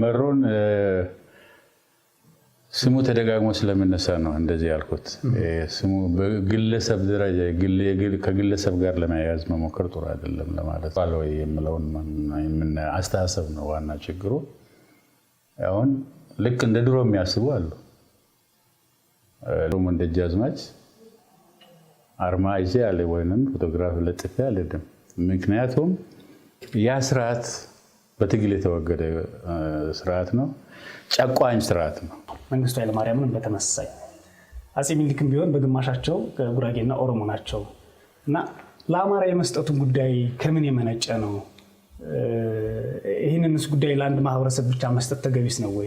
መሮን ስሙ ተደጋግሞ ስለምነሳ ነው እንደዚህ ያልኩት። ስሙ በግለሰብ ደረጃ ከግለሰብ ጋር ለመያያዝ መሞከር ጥሩ አይደለም ለማለት ባለወይ የምለውን አስተሳሰብ ነው ዋና ችግሩ። አሁን ልክ እንደ ድሮ የሚያስቡ አሉ። ሮም ጃዝማች አርማ ይዤ አለ ወይም ፎቶግራፍ ለጥፌ አልሄድም። ምክንያቱም ያ ስርዓት በትግል የተወገደ ስርዓት ነው። ጨቋኝ ስርዓት ነው። መንግስቱ ኃይለማርያምን በተመሳሳይ አጼ ሚኒልክም ቢሆን በግማሻቸው ጉራጌና ኦሮሞ ናቸው እና ለአማራ የመስጠቱ ጉዳይ ከምን የመነጨ ነው? ይህንንስ ጉዳይ ለአንድ ማህበረሰብ ብቻ መስጠት ተገቢስ ነው ወይ?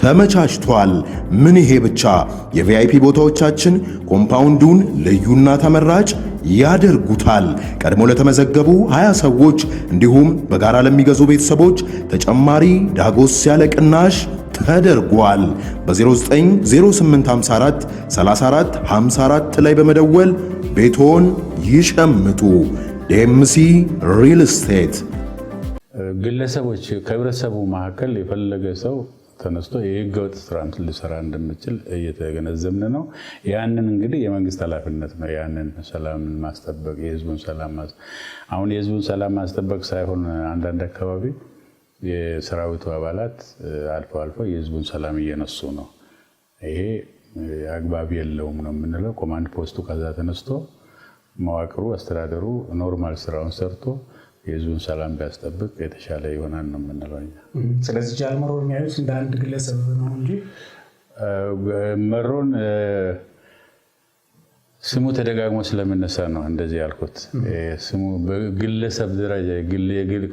ተመቻችቷል። ምን ይሄ ብቻ! የቪአይፒ ቦታዎቻችን ኮምፓውንዱን ልዩና ተመራጭ ያደርጉታል። ቀድሞ ለተመዘገቡ 20 ሰዎች እንዲሁም በጋራ ለሚገዙ ቤተሰቦች ተጨማሪ ዳጎስ ያለ ቅናሽ ተደርጓል። በ0908543454 34 54 ላይ በመደወል ቤቶን ይሸምቱ። ዴምሲ ሪል ስቴት ግለሰቦች ከህብረተሰቡ መካከል የፈለገ ሰው ተነስቶ የህገወጥ ስራ ሊሰራ እንደምችል እየተገነዘብን ነው። ያንን እንግዲህ የመንግስት ኃላፊነት ነው። ያንን ሰላምን ማስጠበቅ የህዝቡን ሰላም አሁን የህዝቡን ሰላም ማስጠበቅ ሳይሆን አንዳንድ አካባቢ የሰራዊቱ አባላት አልፎ አልፎ የህዝቡን ሰላም እየነሱ ነው። ይሄ አግባብ የለውም ነው የምንለው። ኮማንድ ፖስቱ ከዛ ተነስቶ መዋቅሩ አስተዳደሩ ኖርማል ስራውን ሰርቶ የህዝቡን ሰላም ቢያስጠብቅ የተሻለ ይሆናል ነው የምንለው እኛ። ስለዚህ ጃልመሮ የሚያዩት እንደ አንድ ግለሰብ ነው እንጂ መሮን ስሙ ተደጋግሞ ስለምነሳ ነው እንደዚህ ያልኩት። ስሙ በግለሰብ ደረጃ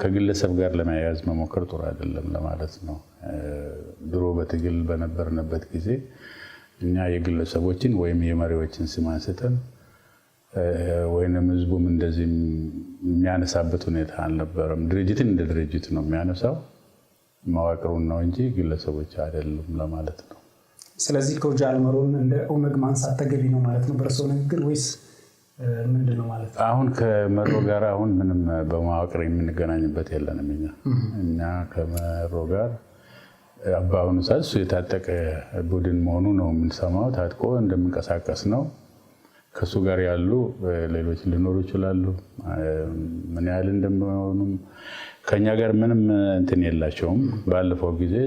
ከግለሰብ ጋር ለመያያዝ መሞከር ጥሩ አይደለም ለማለት ነው። ድሮ በትግል በነበርንበት ጊዜ እኛ የግለሰቦችን ወይም የመሪዎችን ስም አንስተን ወይንም ህዝቡም እንደዚህ የሚያነሳበት ሁኔታ አልነበረም። ድርጅትን እንደ ድርጅት ነው የሚያነሳው መዋቅሩን ነው እንጂ ግለሰቦች አይደሉም ለማለት ነው። ስለዚህ ከውጭ አልመሮን እንደ ኦነግ ማንሳት ተገቢ ነው ማለት ነው በእርስዎ ንግግር ወይስ ምንድን ነው ማለት ነው? አሁን ከመሮ ጋር አሁን ምንም በመዋቅር የምንገናኝበት የለንም። እኛ እኛ ከመሮ ጋር በአሁኑ ሰዓት እሱ የታጠቀ ቡድን መሆኑ ነው የምንሰማው። ታጥቆ እንደምንቀሳቀስ ነው ከእሱ ጋር ያሉ ሌሎች ሊኖሩ ይችላሉ። ምን ያህል እንደሚሆኑም ከኛ ጋር ምንም እንትን የላቸውም። ባለፈው ጊዜ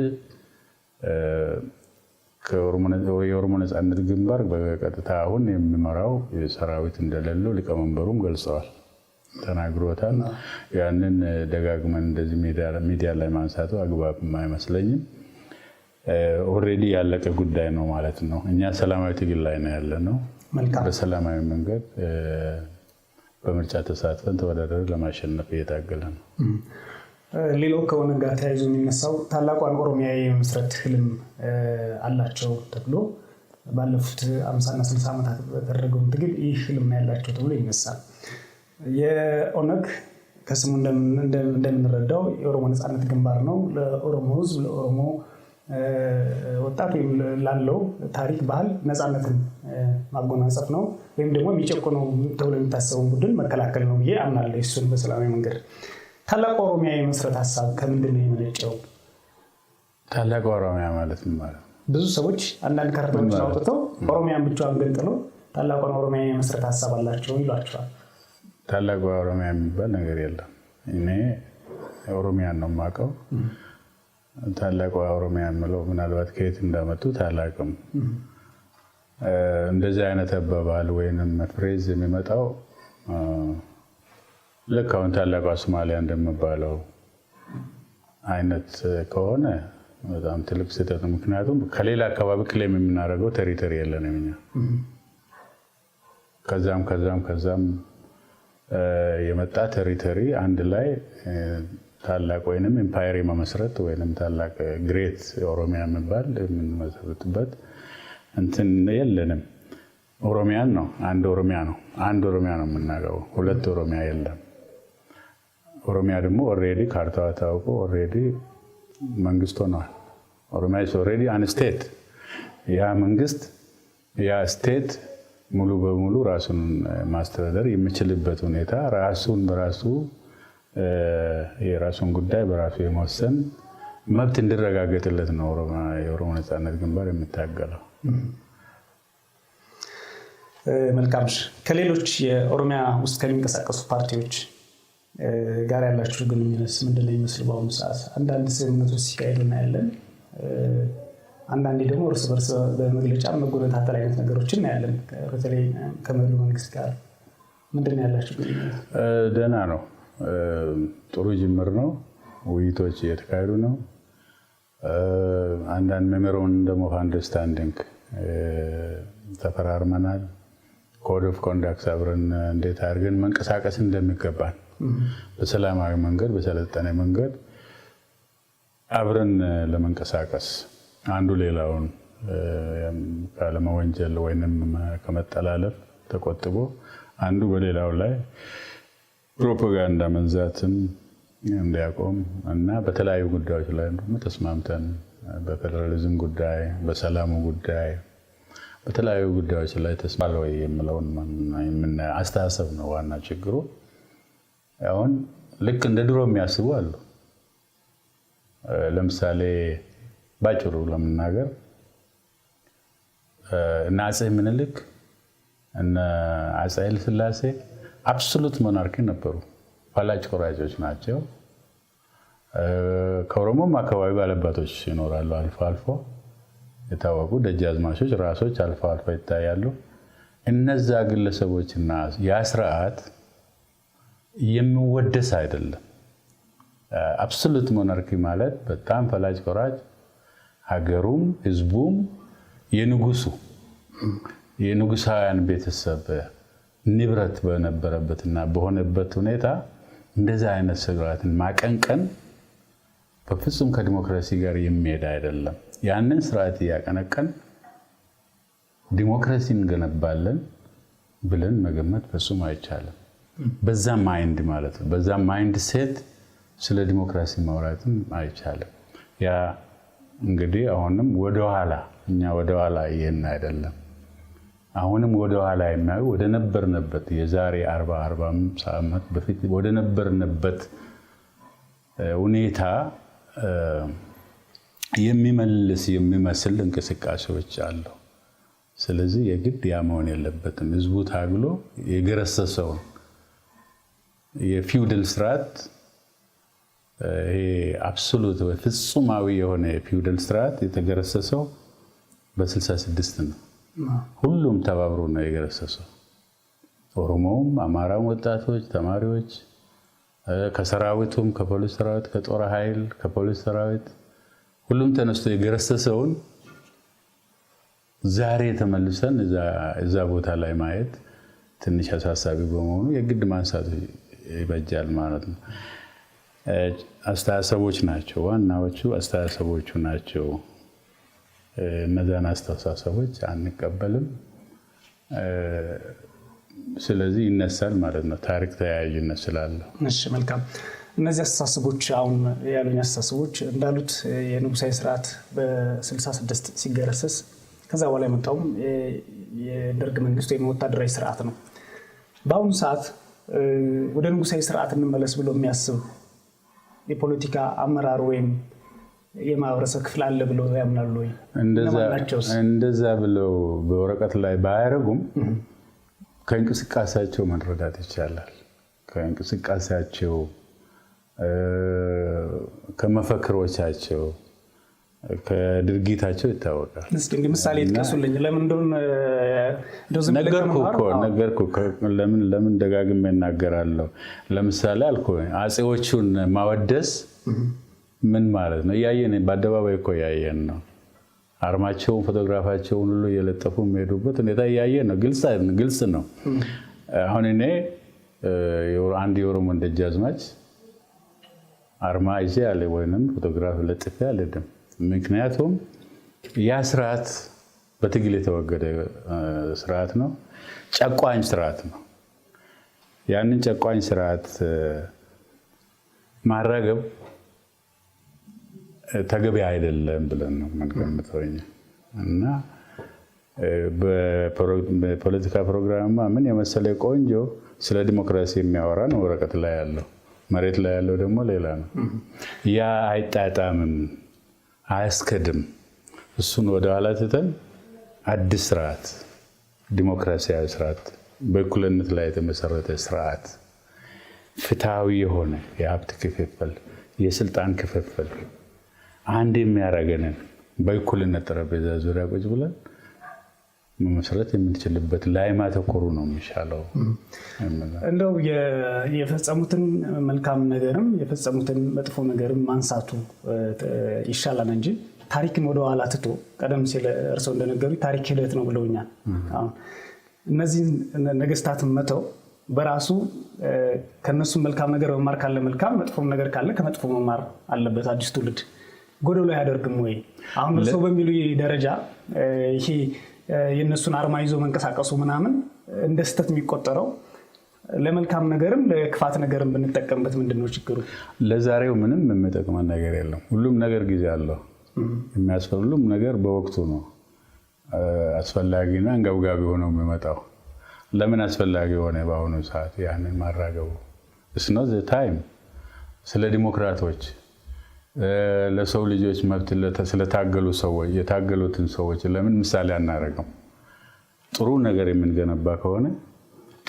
የኦሮሞ ነፃነት ግንባር በቀጥታ አሁን የሚመራው ሰራዊት እንደሌለው ሊቀመንበሩም ገልጸዋል፣ ተናግሮታል። ያንን ደጋግመን እንደዚህ ሚዲያ ላይ ማንሳቱ አግባብ አይመስለኝም። ኦልሬዲ ያለቀ ጉዳይ ነው ማለት ነው። እኛ ሰላማዊ ትግል ላይ ነው ያለ ነው። በሰላማዊ መንገድ በምርጫ ተሳትፈን ተወዳደር ለማሸነፍ እየታገለ ነው። ሌላው ከሆነ ጋር ተያይዞ የሚነሳው ታላቋን ኦሮሚያ የመስረት ህልም አላቸው ተብሎ ባለፉት አምሳና ስልሳ ዓመታት በተደረገውን ትግል ይህ ህልም ያላቸው ተብሎ ይነሳል። የኦነግ ከስሙ እንደምንረዳው የኦሮሞ ነፃነት ግንባር ነው። ለኦሮሞ ህዝብ፣ ለኦሮሞ ወጣት ወይም ላለው ታሪክ፣ ባህል ነፃነትን ማጎናጸፍ ነው ወይም ደግሞ የሚጨቁነው ተብሎ የሚታሰበውን ቡድን መከላከል ነው ብዬ አምናለሁ። እሱን በሰላማዊ መንገድ ታላቅ ኦሮሚያ የመስረት ሀሳብ ከምንድን ነው የመነጨው? ታላቅ ኦሮሚያ ማለት ማለት ብዙ ሰዎች አንዳንድ ከረታዎችን አውጥተው ኦሮሚያን ብቻዋን ገንጥለው ታላቋን ኦሮሚያ የመስረት ሀሳብ አላቸው ይሏቸዋል። ታላቁ ኦሮሚያ የሚባል ነገር የለም። እኔ ኦሮሚያን ነው የማውቀው። ታላቁ ኦሮሚያ የምለው ምናልባት ከየት እንዳመጡት አላውቅም። እንደዚህ አይነት አባባል ወይንም ፍሬዝ የሚመጣው ልክ አሁን ታላቋ ሶማሊያ እንደሚባለው አይነት ከሆነ በጣም ትልቅ ስህተት ነው። ምክንያቱም ከሌላ አካባቢ ክሌም የምናደርገው ቴሪተሪ የለንም እኛ ከዛም ከዛም ከዛም የመጣ ቴሪተሪ አንድ ላይ ታላቅ ወይንም ኢምፓየር መመስረት ወይንም ታላቅ ግሬት ኦሮሚያ የሚባል የምንመሰርትበት እንትን የለንም። ኦሮሚያን ነው አንድ ኦሮሚያ ነው አንድ ኦሮሚያ ነው የምናገው፣ ሁለት ኦሮሚያ የለም። ኦሮሚያ ደግሞ ኦልሬዲ ካርታዋ ታውቆ ኦልሬዲ መንግስት ሆነዋል። ኦሮሚያ ኦልሬዲ አን ስቴት። ያ መንግስት ያ ስቴት ሙሉ በሙሉ ራሱን ማስተዳደር የሚችልበት ሁኔታ ራሱን በራሱ የራሱን ጉዳይ በራሱ የመወሰን መብት እንዲረጋገጥለት ነው የኦሮሞ ነፃነት ግንባር የሚታገለው። መልካም ከሌሎች የኦሮሚያ ውስጥ ከሚንቀሳቀሱ ፓርቲዎች ጋር ያላችሁ ግንኙነት ምንድን ነው የሚመስል? በአሁኑ ሰዓት አንዳንድ ስምምነቶች ሲካሄዱ እናያለን። አንዳንዴ ደግሞ እርስ በርስ በመግለጫ መጎነታተል አይነት ነገሮች እናያለን። በተለይ ከመሉ መንግስት ጋር ምንድን ነው ያላችሁ ግንኙነት? ደህና ነው። ጥሩ ጅምር ነው። ውይይቶች እየተካሄዱ ነው። አንዳንድ ሜሞራንደም ደግሞ አንደርስታንዲንግ ተፈራርመናል። ኮድ ኦፍ ኮንዳክት አብረን እንዴት አድርገን መንቀሳቀስ እንደሚገባል በሰላማዊ መንገድ በሰለጠነ መንገድ አብረን ለመንቀሳቀስ አንዱ ሌላውን ካለመወንጀል ወይንም ከመጠላለፍ ተቆጥቦ አንዱ በሌላው ላይ ፕሮፓጋንዳ መንዛትን እንዲያቆም እና በተለያዩ ጉዳዮች ላይ ተስማምተን በፌዴራሊዝም ጉዳይ፣ በሰላሙ ጉዳይ፣ በተለያዩ ጉዳዮች ላይ ተስማለ የምለውን አስተሳሰብ ነው ዋና ችግሩ። አሁን ልክ እንደ ድሮ የሚያስቡ አሉ። ለምሳሌ ባጭሩ ለመናገር እነ አጼ ምኒልክ እነ አጼ ኃይለሥላሴ አብሶሉት ሞናርኪ ነበሩ። ፈላጭ ቆራጮች ናቸው። ከኦሮሞም አካባቢ ባለባቶች ይኖራሉ። አልፎ አልፎ የታወቁ ደጃዝማቾች ራሶች አልፎ አልፎ ይታያሉ። እነዛ ግለሰቦችና ያ ስርዓት የሚወደስ አይደለም። አብሶሉት ሞናርኪ ማለት በጣም ፈላጭ ቆራጭ ሀገሩም ህዝቡም የንጉሱ የንጉሳውያን ቤተሰብ ንብረት በነበረበትና በሆነበት ሁኔታ እንደዛ አይነት ስርዓትን ማቀንቀን በፍጹም ከዲሞክራሲ ጋር የሚሄድ አይደለም። ያንን ስርዓት እያቀነቀን ዲሞክራሲ እንገነባለን ብለን መገመት ፍጹም አይቻልም። በዛ ማይንድ ማለት ነው። በዛ ማይንድ ሴት ስለ ዲሞክራሲ ማውራትም አይቻልም። ያ እንግዲህ አሁንም ወደኋላ እኛ ወደኋላ ይህን አይደለም አሁንም ወደኋላ የማዩ ወደ ነበርንበት የዛሬ አርባ አርባ ዓመት በፊት ወደ ነበርንበት ሁኔታ የሚመልስ የሚመስል እንቅስቃሴዎች አሉ። ስለዚህ የግድ ያ መሆን የለበትም። ህዝቡ ታግሎ የገረሰሰውን የፊውድል ስርዓት ይሄ አብሶሉት ፍጹማዊ የሆነ የፊውደል ስርዓት የተገረሰሰው በ66 ነው። ሁሉም ተባብሮ ነው የገረሰሰው። ኦሮሞውም፣ አማራም፣ ወጣቶች፣ ተማሪዎች ከሰራዊቱም ከፖሊስ ሰራዊት ከጦር ኃይል ከፖሊስ ሰራዊት ሁሉም ተነስቶ የገረሰሰውን ዛሬ ተመልሰን እዛ ቦታ ላይ ማየት ትንሽ አሳሳቢ በመሆኑ የግድ ማንሳት ይበጃል ማለት ነው። አስተሳሰቦች ናቸው ዋናዎቹ አስተሳሰቦቹ ናቸው። እነዚያን አስተሳሰቦች አንቀበልም። ስለዚህ ይነሳል ማለት ነው። ታሪክ ተያያዥነት ስላለው። እሺ መልካም። እነዚህ አስተሳሰቦች አሁን ያሉኝ አስተሳሰቦች እንዳሉት የንጉሳዊ ስርዓት በ66 ሲገረሰስ ከዛ በኋላ የመጣውም የደርግ መንግስት ወይም ወታደራዊ ስርዓት ነው። በአሁኑ ሰዓት ወደ ንጉሳዊ ስርዓት እንመለስ ብሎ የሚያስብ የፖለቲካ አመራር ወይም የማህበረሰብ ክፍል አለ ብለው ያምናሉ እንደዛ ብለው በወረቀት ላይ ባያደርጉም ከእንቅስቃሴያቸው መረዳት ይቻላል። ከእንቅስቃሴያቸው፣ ከመፈክሮቻቸው፣ ከድርጊታቸው ይታወቃል። እንግዲህ ምሳሌ ጥቀሱልኝ። ለምን ለምን ለምን ደጋግሜ እናገራለሁ? ለምሳሌ አልኩ አጼዎቹን ማወደስ ምን ማለት ነው? እያየን በአደባባይ እኮ እያየን ነው። አርማቸውን ፎቶግራፋቸውን ሁሉ እየለጠፉ የሚሄዱበት ሁኔታ እያየን ነው። ግልጽ ነው። አሁን እኔ አንድ የኦሮሞ ደጃዝማች አርማ ይዤ አለ ወይም ፎቶግራፍ ለጥፌ አልሄድም። ምክንያቱም ያ ስርዓት በትግል የተወገደ ስርዓት ነው። ጨቋኝ ስርዓት ነው። ያንን ጨቋኝ ስርዓት ማራገብ ተገቢ አይደለም ብለን ነው የምንገምተው እና በፖለቲካ ፕሮግራምማ ምን የመሰለ ቆንጆ ስለ ዲሞክራሲ የሚያወራ ነው ወረቀት ላይ ያለው፣ መሬት ላይ ያለው ደግሞ ሌላ ነው። ያ አይጣጣምም፣ አያስከድም። እሱን ወደኋላ ትተን አዲስ ስርዓት፣ ዲሞክራሲያዊ ስርዓት፣ በእኩልነት ላይ የተመሰረተ ስርዓት፣ ፍትሐዊ የሆነ የሀብት ክፍፍል፣ የስልጣን ክፍፍል አንድ የሚያደርገንን በእኩልነት ጠረጴዛ ዙሪያ ቁጭ ብለን መመስረት የምንችልበት ላይ ማተኮሩ ነው የሚሻለው። እንደው የፈጸሙትን መልካም ነገርም የፈጸሙትን መጥፎ ነገርም ማንሳቱ ይሻላል እንጂ ታሪክን ወደኋላ ትቶ ቀደም ሲል እርስዎ እንደነገሩ ታሪክ ሂደት ነው ብለውኛል። እነዚህን ነገስታትን መተው በራሱ ከነሱም መልካም ነገር መማር ካለ መልካም፣ መጥፎም ነገር ካለ ከመጥፎ መማር አለበት አዲስ ትውልድ። ጎደሎ አያደርግም ወይ? አሁን እርሶ በሚሉ ደረጃ ይሄ የእነሱን አርማ ይዞ መንቀሳቀሱ ምናምን እንደ ስህተት የሚቆጠረው ለመልካም ነገርም ለክፋት ነገርም ብንጠቀምበት ምንድን ነው ችግሩ? ለዛሬው ምንም የሚጠቅመን ነገር የለም። ሁሉም ነገር ጊዜ አለው። የሚያስፈል ሁሉም ነገር በወቅቱ ነው አስፈላጊና አንገብጋቢ ሆኖ የሚመጣው። ለምን አስፈላጊ ሆነ በአሁኑ ሰዓት ያንን ማራገቡ? ስኖ ታይም ስለ ዲሞክራቶች ለሰው ልጆች መብት ስለታገሉ ሰዎች የታገሉትን ሰዎች ለምን ምሳሌ አናደርገው? ጥሩ ነገር የምንገነባ ከሆነ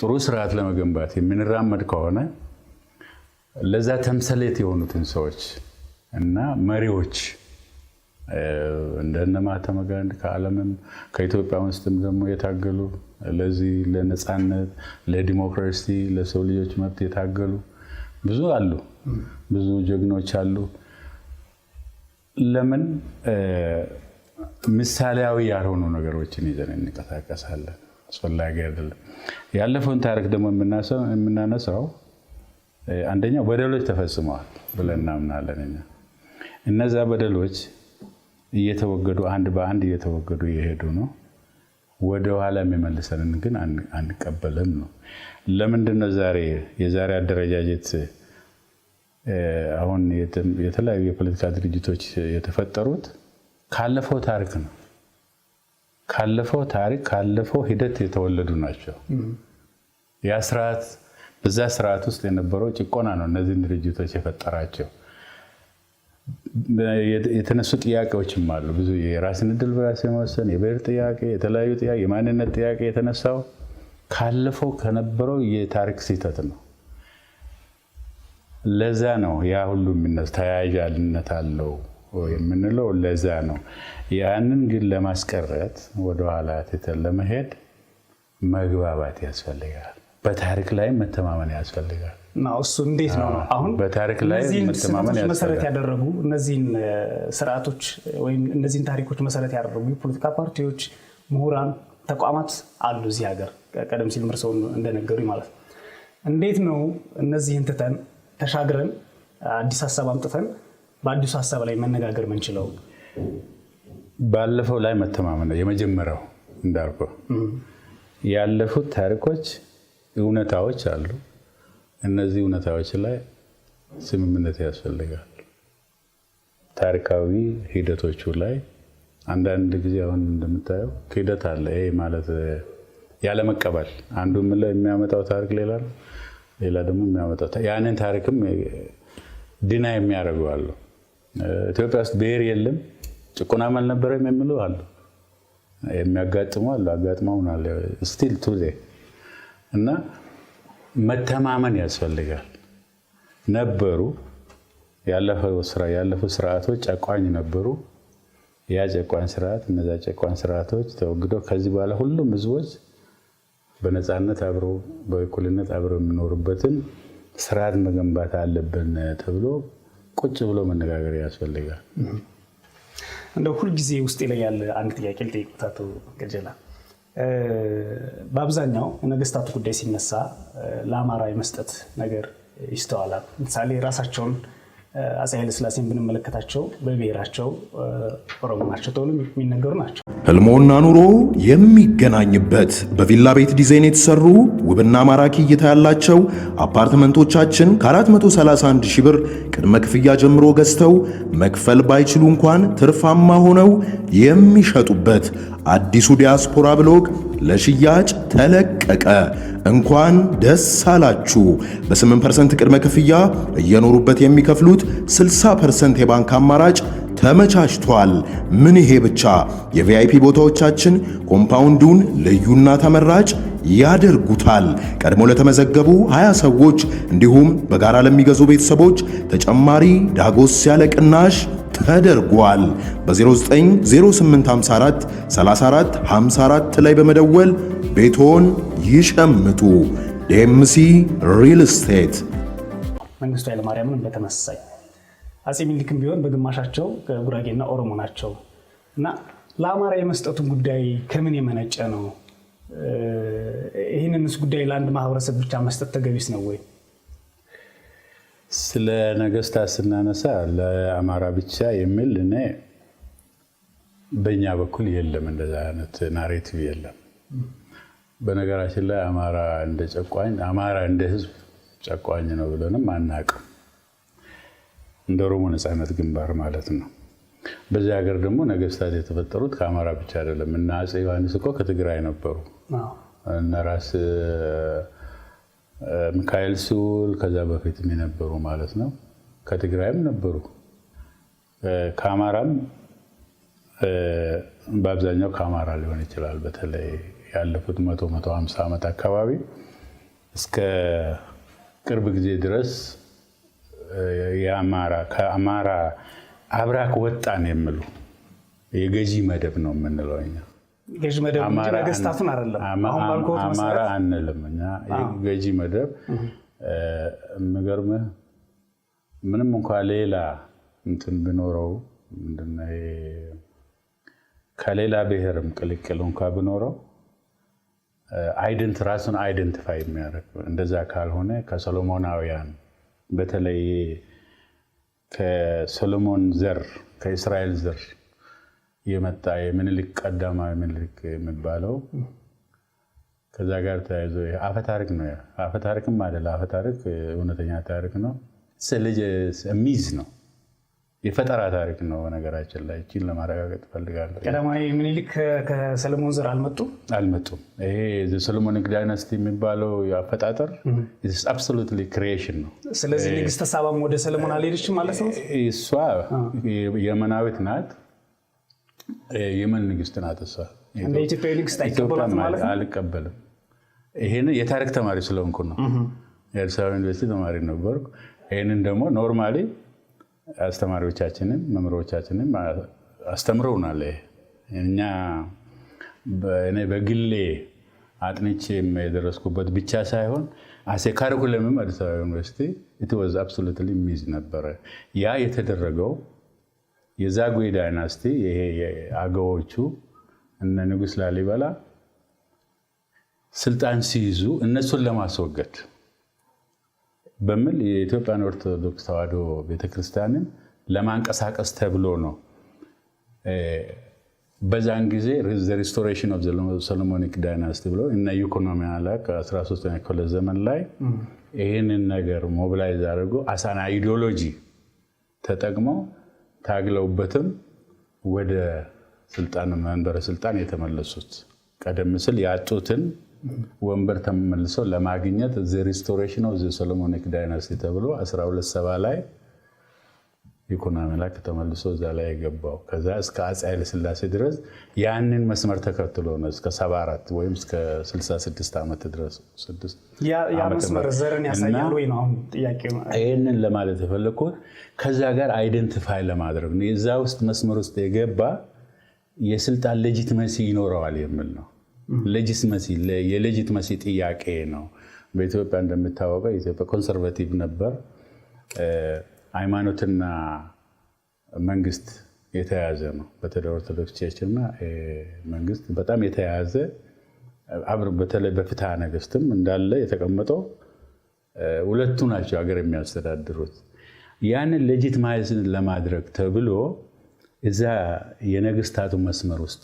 ጥሩ ስርዓት ለመገንባት የምንራመድ ከሆነ ለዛ ተምሰሌት የሆኑትን ሰዎች እና መሪዎች እንደነ ማህተመ ጋንዲ ከዓለምም ከኢትዮጵያ ውስጥም ደግሞ የታገሉ ለዚህ ለነፃነት፣ ለዲሞክራሲ፣ ለሰው ልጆች መብት የታገሉ ብዙ አሉ። ብዙ ጀግኖች አሉ። ለምን ምሳሌያዊ ያልሆኑ ነገሮችን ይዘን እንቀሳቀሳለን? አስፈላጊ አይደለም። ያለፈውን ታሪክ ደግሞ የምናነሳው አንደኛው በደሎች ተፈጽመዋል ብለን እናምናለን እነዛ በደሎች እየተወገዱ አንድ በአንድ እየተወገዱ እየሄዱ ነው። ወደኋላ የሚመልሰንን ግን አንቀበልም ነው። ለምንድነው ነው ዛሬ የዛሬ አደረጃጀት አሁን የተለያዩ የፖለቲካ ድርጅቶች የተፈጠሩት ካለፈው ታሪክ ነው። ካለፈው ታሪክ ካለፈው ሂደት የተወለዱ ናቸው። ያ ስርዓት በዛ ስርዓት ውስጥ የነበረው ጭቆና ነው እነዚህን ድርጅቶች የፈጠራቸው። የተነሱ ጥያቄዎችም አሉ ብዙ የራስን እድል በራስ የመወሰን የብሔር ጥያቄ፣ የተለያዩ ጥያቄ፣ የማንነት ጥያቄ የተነሳው ካለፈው ከነበረው የታሪክ ስህተት ነው። ለዛ ነው ያ ሁሉ የሚነሱ ተያያዥነት አለው የምንለው ለዛ ነው። ያንን ግን ለማስቀረት ወደኋላ ትተን ለመሄድ መግባባት ያስፈልጋል። በታሪክ ላይ መተማመን ያስፈልጋል። እሱ እንዴት ነው? አሁን በታሪክ ላይ መሰረት ያደረጉ እነዚህን ስርዓቶች ወይም እነዚህን ታሪኮች መሰረት ያደረጉ የፖለቲካ ፓርቲዎች፣ ምሁራን፣ ተቋማት አሉ እዚህ ሀገር ቀደም ሲል ምርሰውን እንደነገሩ ማለት ነው። እንዴት ነው እነዚህን ትተን ተሻግረን አዲስ ሀሳብ አምጥተን በአዲሱ ሀሳብ ላይ መነጋገር ምንችለው ባለፈው ላይ መተማመን የመጀመሪያው። እንዳልኩ ያለፉት ታሪኮች እውነታዎች አሉ። እነዚህ እውነታዎች ላይ ስምምነት ያስፈልጋል። ታሪካዊ ሂደቶቹ ላይ አንዳንድ ጊዜ አሁን እንደምታየው ክህደት አለ። ይሄ ማለት ያለመቀበል አንዱ የሚያመጣው ታሪክ ሌላ ነው ሌላ ደግሞ የሚያመጣው ያንን ታሪክም ዲና የሚያደርጉ አሉ። ኢትዮጵያ ውስጥ ብሔር የለም ጭቆናም አልነበረም የሚሉ አሉ። የሚያጋጥሙ አሉ። አጋጥመውናል ስቲል ቱዜ እና መተማመን ያስፈልጋል። ነበሩ ያለፈው ስራ ያለፉ ስርዓቶች ጨቋኝ ነበሩ። ያ ጨቋኝ ስርዓት እነዛ ጨቋኝ ስርዓቶች ተወግደው ከዚህ በኋላ ሁሉም ህዝቦች በነፃነት አብሮ በእኩልነት አብሮ የሚኖሩበትን ስርዓት መገንባት አለብን ተብሎ ቁጭ ብሎ መነጋገር ያስፈልጋል። እንደ ሁልጊዜ ውስጤ ላይ ያለ አንድ ጥያቄ ልጠይቅዎት አቶ በአብዛኛው ነገስታቱ ጉዳይ ሲነሳ ለአማራ የመስጠት ነገር ይስተዋላል። ምሳሌ ራሳቸውን አፄ ኃይለስላሴን ብንመለከታቸው በብሔራቸው ኦሮሞ ናቸው ተብሎ የሚነገሩ ናቸው። ህልሞና ኑሮ የሚገናኝበት በቪላ ቤት ዲዛይን የተሰሩ ውብና ማራኪ እይታ ያላቸው አፓርትመንቶቻችን ከ431 ሺህ ብር ቅድመ ክፍያ ጀምሮ ገዝተው መክፈል ባይችሉ እንኳን ትርፋማ ሆነው የሚሸጡበት አዲሱ ዲያስፖራ ብሎግ ለሽያጭ ተለቀቀ። እንኳን ደስ አላችሁ። በ8% ቅድመ ክፍያ እየኖሩበት የሚከፍሉት 60% የባንክ አማራጭ ተመቻችቷል። ምን ይሄ ብቻ! የቪአይፒ ቦታዎቻችን ኮምፓውንዱን ልዩና ተመራጭ ያደርጉታል። ቀድሞ ለተመዘገቡ 20 ሰዎች እንዲሁም በጋራ ለሚገዙ ቤተሰቦች ተጨማሪ ዳጎስ ያለ ቅናሽ ተደርጓል። በ090854 34 54 ላይ በመደወል ቤቶን ይሸምቱ። ዴምሲ ሪል ስቴት። መንግስቱ ኃይለማርያምን በተመሳሳይ አጼ ሚኒልክም ቢሆን በግማሻቸው ጉራጌና ኦሮሞ ናቸው እና ለአማራ የመስጠቱ ጉዳይ ከምን የመነጨ ነው? ይህንንስ ጉዳይ ለአንድ ማህበረሰብ ብቻ መስጠት ተገቢስ ነው ወይ? ስለ ነገስታት ስናነሳ ለአማራ ብቻ የሚል እኔ በእኛ በኩል የለም፣ እንደዚ አይነት ናሬቲቭ የለም። በነገራችን ላይ አማራ እንደ ጨቋኝ አማራ እንደ ህዝብ ጨቋኝ ነው ብለንም አናቅም። እንደ ኦሮሞ ነፃነት ግንባር ማለት ነው። በዚህ ሀገር ደግሞ ነገስታት የተፈጠሩት ከአማራ ብቻ አይደለም። እና አፄ ዮሐንስ እኮ ከትግራይ ነበሩ እነ ራስ ሚካኤል ሲውል ከዛ በፊትም የነበሩ ማለት ነው። ከትግራይም ነበሩ፣ ከአማራም በአብዛኛው ከአማራ ሊሆን ይችላል። በተለይ ያለፉት መቶ መቶ ሀምሳ ዓመት አካባቢ እስከ ቅርብ ጊዜ ድረስ ከአማራ አብራክ ወጣን የሚሉ የገዢ መደብ ነው የምንለው እኛ ገዥ መደብ እንጂ ነገስታቱን አይደለም። አማራ አንልም እኛ ገዢ መደብ። የሚገርምህ ምንም እንኳ ሌላ እንትን ብኖረው ምንድነው ከሌላ ብሔርም ቅልቅል እንኳ ቢኖረው አይደንት ራሱን አይደንቲፋይ የሚያደርግ እንደዛ ካልሆነ ከሰሎሞናውያን በተለይ ከሰሎሞን ዘር ከእስራኤል ዘር የመጣ የምኒልክ ቀዳማዊ ምኒልክ የሚባለው ከዛ ጋር ተያይዞ አፈታሪክ ነው። አፈታሪክም አይደለ፣ አፈታሪክ እውነተኛ ታሪክ ነው። ልጅ ሚዝ ነው። የፈጠራ ታሪክ ነው። ነገራችን ላይ እችን ለማረጋገጥ ፈልጋለሁ። ቀዳማዊ ምኒልክ ከሰለሞን ዘር አልመጡም አልመጡም። ይሄ ሰሎሞኒክ ዳይናስቲ የሚባለው አፈጣጠር አብሶሉትሊ ክሪኤሽን ነው። ስለዚህ ንግስተ ሳባም ወደ ሰለሞን አልሄደችም ማለት ነው። እሷ የመናዊት ናት። የመን ንግስት ናት እሷ። ኢትዮጵያ ንግስት አልቀበልም። ይህን የታሪክ ተማሪ ስለሆንኩ ነው። የአዲስ አበባ ዩኒቨርሲቲ ተማሪ ነበርኩ። ይህንን ደግሞ ኖርማሊ አስተማሪዎቻችንን መምህሮቻችንን አስተምረውናል። እኛ እኔ በግሌ አጥንቼ የደረስኩበት ብቻ ሳይሆን አሴ ካሪኩለምም አዲስ አበባ ዩኒቨርሲቲ ኢት ዋዝ አብሶሉትሊ ሚዝ ነበረ ያ የተደረገው የዛጉዌ ዳይናስቲ ይሄ የአገዎቹ እነ ንጉስ ላሊበላ ስልጣን ሲይዙ እነሱን ለማስወገድ በሚል የኢትዮጵያን ኦርቶዶክስ ተዋሕዶ ቤተክርስቲያንን ለማንቀሳቀስ ተብሎ ነው። በዛን ጊዜ ሪስቶሬሽን ኦፍ ሰሎሞኒክ ዳይናስቲ ብሎ እነ ኢኮኖሚ አላቅ 13ኛ ክፍለ ዘመን ላይ ይህንን ነገር ሞቢላይዝ አድርጎ አሳና አይዲዮሎጂ ተጠቅመው ታግለውበትም ወደ ስልጣን መንበረ ስልጣን የተመለሱት ቀደም ሲል ያጡትን ወንበር ተመልሰው ለማግኘት ሪስቶሬሽን ኦፍ ዘ ዳይናስቲ ተብሎ 1270 ላይ ይኩኖ አምላክ ተመልሶ እዛ ላይ የገባው ከዛ እስከ አፄ ኃይለስላሴ ድረስ ያንን መስመር ተከትሎ ነው እስከ 74 ወይም እስከ 66 ዓመት ድረስ ይህንን ለማለት የፈለግኩት ከዛ ጋር አይደንቲፋይ ለማድረግ ነው። የዛ ውስጥ መስመር ውስጥ የገባ የስልጣን ሌጂትመሲ ይኖረዋል የሚል ነው። ሌጂትመሲ የሌጂትመሲ ጥያቄ ነው። በኢትዮጵያ እንደምታወቀው ኢትዮጵያ ኮንሰርቫቲቭ ነበር። ሃይማኖትና መንግስት የተያያዘ ነው። በተለይ ኦርቶዶክስ ቸርችና መንግስት በጣም የተያያዘ አብር በተለይ በፍትሐ ነገስትም እንዳለ የተቀመጠው ሁለቱ ናቸው ሀገር የሚያስተዳድሩት። ያንን ሌጂትማይዝን ለማድረግ ተብሎ እዛ የነገስታቱ መስመር ውስጥ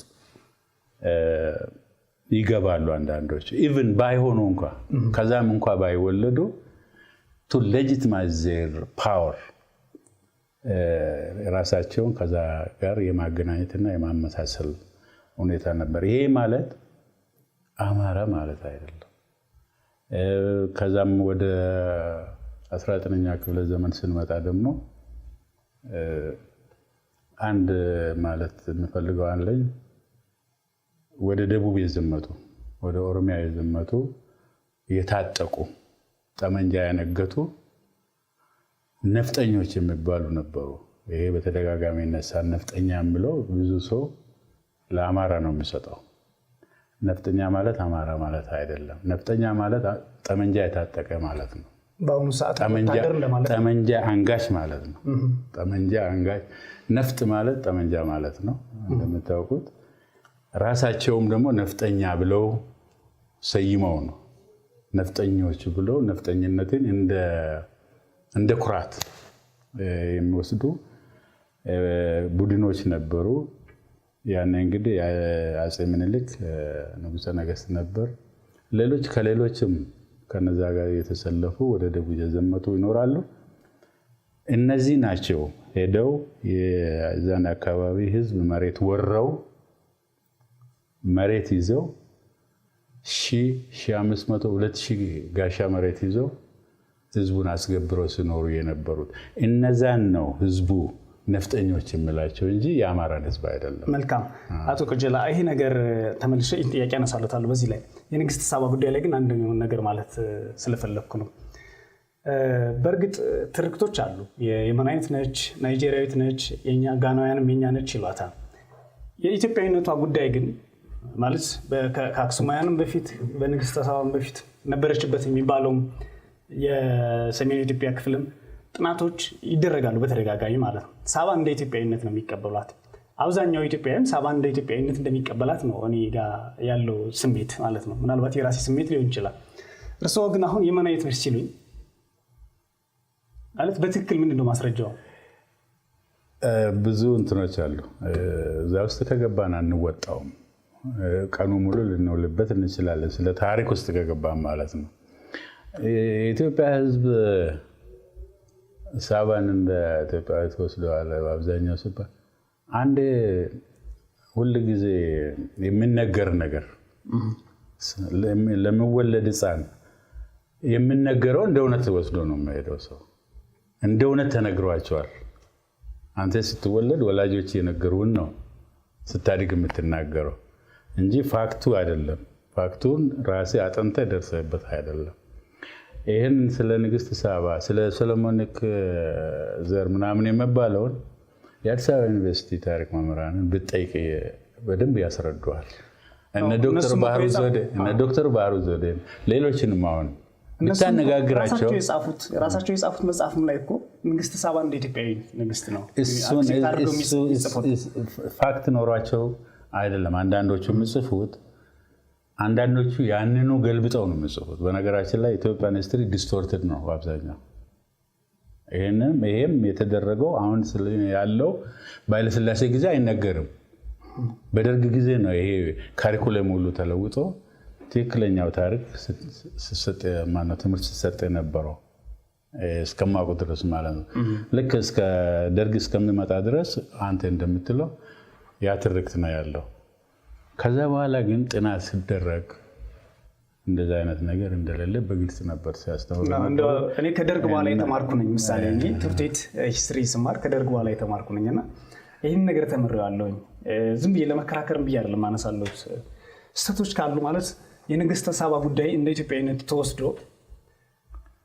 ይገባሉ አንዳንዶች ኢቭን ባይሆኑ እንኳ ከዛም እንኳ ባይወለዱ ቱ ሌጂትማይዝ ፓወር ራሳቸውን ከዛ ጋር የማገናኘትና የማመሳሰል ሁኔታ ነበር። ይሄ ማለት አማራ ማለት አይደለም። ከዛም ወደ 19ኛ ክፍለ ዘመን ስንመጣ ደግሞ አንድ ማለት የምፈልገው አለኝ ወደ ደቡብ የዘመቱ ወደ ኦሮሚያ የዘመቱ የታጠቁ ጠመንጃ ያነገቱ ነፍጠኞች የሚባሉ ነበሩ። ይሄ በተደጋጋሚ ይነሳል። ነፍጠኛ የምለው ብዙ ሰው ለአማራ ነው የሚሰጠው። ነፍጠኛ ማለት አማራ ማለት አይደለም። ነፍጠኛ ማለት ጠመንጃ የታጠቀ ማለት ነው። በአሁኑ ሰዓት ጠመንጃ አንጋች ማለት ነው። ጠመንጃ አንጋች። ነፍጥ ማለት ጠመንጃ ማለት ነው እንደምታውቁት። ራሳቸውም ደግሞ ነፍጠኛ ብለው ሰይመው ነው ነፍጠኞች ብለው ነፍጠኝነትን እንደ እንደ ኩራት የሚወስዱ ቡድኖች ነበሩ። ያን እንግዲህ አፄ ምኒልክ ንጉሰ ነገስት ነበር። ሌሎች ከሌሎችም ከነዛ ጋር የተሰለፉ ወደ ደቡብ የዘመቱ ይኖራሉ። እነዚህ ናቸው ሄደው የዛን አካባቢ ህዝብ መሬት ወረው መሬት ይዘው ሺህ ሺህ አምስት መቶ ሁለት ጋሻ መሬት ይዘው ህዝቡን አስገብረው ሲኖሩ የነበሩት እነዛን ነው ህዝቡ ነፍጠኞች የምላቸው እንጂ የአማራን ህዝብ አይደለም። መልካም አቶ ቆጀላ፣ ይሄ ነገር ተመልሸ ጥያቄ ያነሳለታሉ በዚህ ላይ የንግስት ሳባ ጉዳይ ላይ ግን አንደኛውን ነገር ማለት ስለፈለግኩ ነው። በእርግጥ ትርክቶች አሉ። የመናዊት ነች፣ ናይጄሪያዊት ነች፣ ጋናውያንም የኛ ነች ይሏታል። የኢትዮጵያዊነቷ ጉዳይ ግን ማለት ከአክሱማውያንም በፊት በንግስት ሳባም በፊት ነበረችበት የሚባለውም የሰሜን ኢትዮጵያ ክፍልም ጥናቶች ይደረጋሉ በተደጋጋሚ ማለት ነው። ሳባ እንደ ኢትዮጵያዊነት ነው የሚቀበሏት። አብዛኛው ኢትዮጵያዊም ሳባ እንደ ኢትዮጵያዊነት እንደሚቀበላት ነው እኔ ጋር ያለው ስሜት ማለት ነው። ምናልባት የራሴ ስሜት ሊሆን ይችላል። እርስዎ ግን አሁን የመናየት ነች ሲሉኝ ማለት በትክክል ምን ነው ማስረጃው? ብዙ እንትኖች አሉ። እዛ ውስጥ ከገባን አንወጣውም። ቀኑ ሙሉ ልንውልበት እንችላለን። ስለ ታሪክ ውስጥ ከገባን ማለት ነው የኢትዮጵያ ህዝብ ሳባን እንደ ኢትዮጵያዊት ወስደዋል። በአብዛኛው ሲባል አንድ ሁል ጊዜ የሚነገር ነገር ለሚወለድ ህፃን የሚነገረው እንደ እውነት ወስዶ ነው የሚሄደው። ሰው እንደ እውነት ተነግሯቸዋል። አንተ ስትወለድ ወላጆች የነገሩን ነው ስታድግ የምትናገረው እንጂ ፋክቱ አይደለም። ፋክቱን ራሴ አጠንተ ደርሰበት አይደለም። ይህን ስለ ንግስት ሳባ ስለ ሰሎሞኒክ ዘር ምናምን የመባለውን የአዲስ አበባ ዩኒቨርሲቲ ታሪክ መምህራንን ብጠይቅ በደንብ ያስረዷል። እነ ዶክተር ባህሩ ዘውዴ እነ ዶክተር ባህሩ ሌሎችንም አሁን ብታነጋግራቸው ራሳቸው የጻፉት መጽሐፍም ላይ እኮ ንግስት ሳባ እንደ ኢትዮጵያዊ ንግስት ነው። ፋክት ኖሯቸው አይደለም አንዳንዶቹ የሚጽፉት አንዳንዶቹ ያንኑ ገልብጠው ነው የሚጽፉት። በነገራችን ላይ ኢትዮጵያን ሂስትሪ ዲስቶርትድ ነው በአብዛኛው። ይህንም ይሄም የተደረገው አሁን ያለው ባለስላሴ ጊዜ አይነገርም። በደርግ ጊዜ ነው ይሄ ካሪኩለም ሁሉ ተለውጦ ትክክለኛው ታሪክ ትምህርት ሲሰጥ የነበረው እስከማውቁ ድረስ ማለት ነው። ልክ እስከ ደርግ እስከሚመጣ ድረስ አንተ እንደምትለው ያ ትርክት ነው ያለው። ከዛ በኋላ ግን ጥናት ሲደረግ እንደዚ አይነት ነገር እንደሌለ በግልጽ ነበር ሲያስተምሩ። እኔ ከደርግ በኋላ የተማርኩ ነኝ። ምሳሌ እ ትምህርት ቤት ሂስትሪ ስማር ከደርግ በኋላ የተማርኩ ነኝ እና ይህን ነገር ተምሬዋለሁኝ። ዝም ብዬ ለመከራከርም ብዬ አይደለም አነሳለሁ። ስህተቶች ካሉ ማለት የንግስተ ሳባ ጉዳይ እንደ ኢትዮጵያዊነት ተወስዶ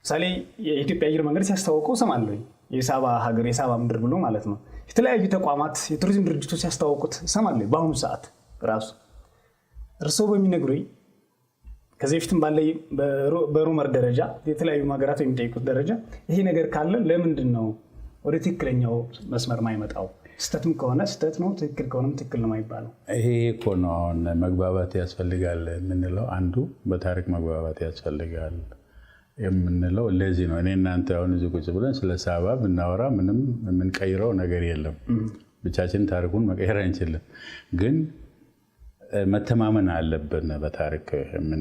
ምሳሌ የኢትዮጵያ አየር መንገድ ሲያስታወቀው ሰማለኝ። የሳባ ሀገር የሳባ ምድር ብሎ ማለት ነው። የተለያዩ ተቋማት የቱሪዝም ድርጅቶች ሲያስታወቁት እሰማለሁ በአሁኑ ሰዓት ራሱ እርስዎ በሚነግሩኝ ከዚህ በፊትም ባለ በሩመር ደረጃ የተለያዩ ሀገራት የሚጠይቁት ደረጃ ይሄ ነገር ካለ ለምንድን ነው ወደ ትክክለኛው መስመር ማይመጣው? ስህተትም ከሆነ ስህተት ነው፣ ትክክል ከሆነም ትክክል ነው ማይባለው። ይሄ እኮ ነው አሁን መግባባት ያስፈልጋል የምንለው አንዱ በታሪክ መግባባት ያስፈልጋል የምንለው ለዚህ ነው። እኔ እናንተ አሁን እዚህ ቁጭ ብለን ስለ ሳባ ብናወራ ምንም የምንቀይረው ነገር የለም። ብቻችን ታሪኩን መቀየር አንችልም ግን መተማመን አለብን በታሪክ